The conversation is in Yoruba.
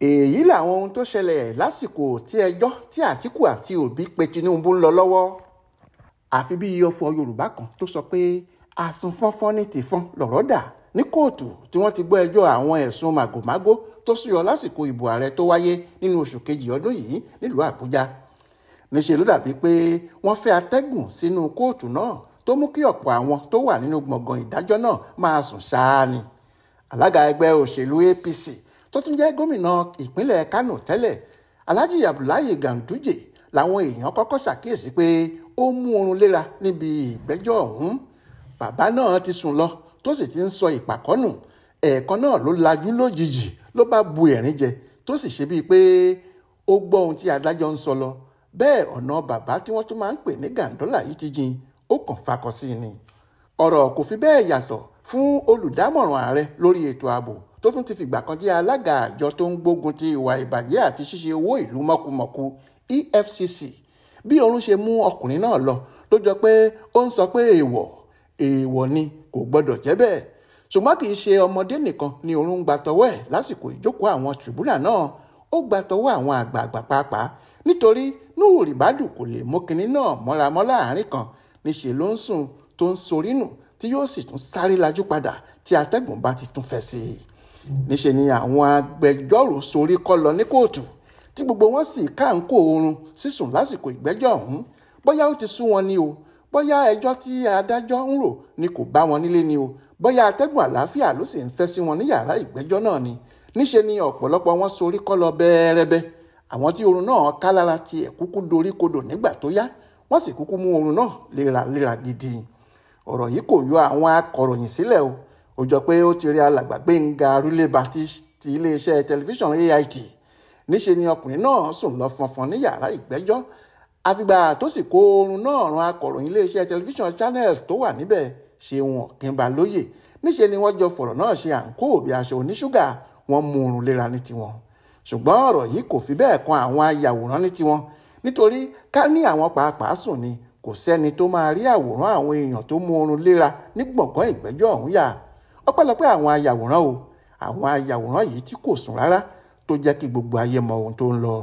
èyí làwọn ohun tó ṣẹlẹ̀ lásìkò tí ẹjọ́ tí Àtíkù àti Òbí pe Tinubu ń lọ lọ́wọ́ àfi bí ọfọ Yorùbá kan tó sọ pé àsùnfọ́nfọ́n ní tìfọ́n lọ̀rọ̀ dà ní kóòtù tí wọ́n ti gbọ́ ẹjọ́ àwọn ẹ̀sùn màgòmágó tó súyọ lásìkò ìbò ààrẹ tó wáyé nínú oṣù kejì ọdún yìí nílùú Àbújá níṣẹ́ ló dàbí pé wọ́n fẹ́ atẹ́gùn sínú kóòtù náà tó mú kí ọ̀pọ̀ àwọn tó wà nínú gbọ̀ngàn ìdájọ́ náà máa sùn ṣáá ni alága ẹgbẹ́ òṣèlú APC tó tún jẹ́ gómìnà ìpínlẹ̀ Kánò tẹ́lẹ̀ Alhaji Abdullahi Ganduje làwọn èèyàn kọ́kọ́ ṣàkíyèsí pé ó mú oorun léra níbi ìgbẹ́jọ́ ọ̀hún bàbá náà ti sùn lọ tó sì ti ń sọ ìpàkọ́nù ẹ̀ẹ̀kan náà ló lajú lójijì ló bá bu ẹ̀rín jẹ tó sì ṣe bíi pé ó gbọ́ ohun tí adájọ́ ń sọ lọ bẹ́ẹ̀ ọ̀nà bàbá tí wọ́n tún máa ń pè ní gàǹdọ́là yìí ti jìn ó kàn fakọ sí ni ọ̀rọ̀ kò fi bẹ́ẹ̀ yàtọ̀ fún olùdámọ̀ràn ààrẹ lórí ètò ààbò tó tún ti fìgbà kan jẹ́ alága àjọ tó ń gbógun ti ìwà ìbàjẹ́ àti ṣíṣe owó ìlú mọ̀kùmọ̀kù EFCC bí oorun ṣe mú ọkùnrin náà lọ tó jọ pé ó ń sọ pé èèwọ̀ èèwọ̀ ni kò gbọ́dọ̀ jẹ́ bẹ́ẹ̀ ṣùgbọ́n kì í ṣe ọmọdé nìkan ni oorun ń gba tọwọ́ ẹ̀ lásìkò ìjókòó àwọn tìrìbùnà náà ó gba tọwọ́ àwọn àgbààgbà pàápàá nítorí Nuhu Ribadu kò lè mú kinní náà mọ́ramọ́ láàárín kan níṣẹ́ ló ń sùn tó ń sorí tí yóò sì tún sáré lajú padà tí atẹ́gùn bá ti tún fẹ́ sí i níṣe ni àwọn agbẹjọ́rò sorí kọ́ lọ ní kóòtù tí gbogbo wọn sì káàńkò oorun sísùn lásìkò ìgbẹ́jọ́ ọ̀hún bóyá ó ti sú wọn ni o bóyá ẹjọ́ tí adájọ́ ń rò ni kò bá wọn nílé ni o bóyá atẹ́gùn àlàáfíà ló sì ń fẹ́ sí wọn ní yàrá ìgbẹ́jọ́ náà ni níṣe ni ọ̀pọ̀lọpọ̀ wọn sorí kọ́ lọ bẹ́ẹ̀rẹ́bẹ́ àwọn tí oorun náà ká lára ti ẹ̀kúkú dorí kodò nígbà tó yá wọ́n sì kúkú mú oorun náà léraléra gidi ọ̀rọ̀ yìí kò yọ àwọn akọ̀ròyìn sílẹ̀ o ó jọ pé ó ti rí alàgbà Gbẹ́ngà Arúlébà ti iléeṣẹ́ tẹlifíṣàn AIT níṣe ni ọkùnrin náà sùn lọ fọnfọn ní yàrá ìgbẹ́jọ́ àfìgbà tó sì kó oorun náà ran akọ̀ròyìn iléeṣẹ́ tẹlifíṣàn Channels tó wà níbẹ̀ Ṣeun Ọ̀kínbalóyè níṣe ni wọ́n jọ fọ̀rọ̀ náà ṣe àǹkó òbí aṣọ oníṣúgà wọ́n mú oorun léra ní tiwọn ṣùgbọ́n ọ̀rọ̀ yìí kò fi bẹ́ẹ̀ kan àwọn ayàwòrán ní tiwọn nítorí ká ní àwọn pàápàá sùn ni kò sẹ́ni tó máa rí àwòrán àwọn èèyàn tó mú oorun léra ní gbọ̀ngàn ìgbẹ́jọ́ ọ̀hún yà ọpẹ́lọpẹ́ àwọn ayàwòrán o àwọn ayàwòrán yìí tí kò sùn rárá tó jẹ́ kí gbogbo ayé mọ ohun tó ń lọ.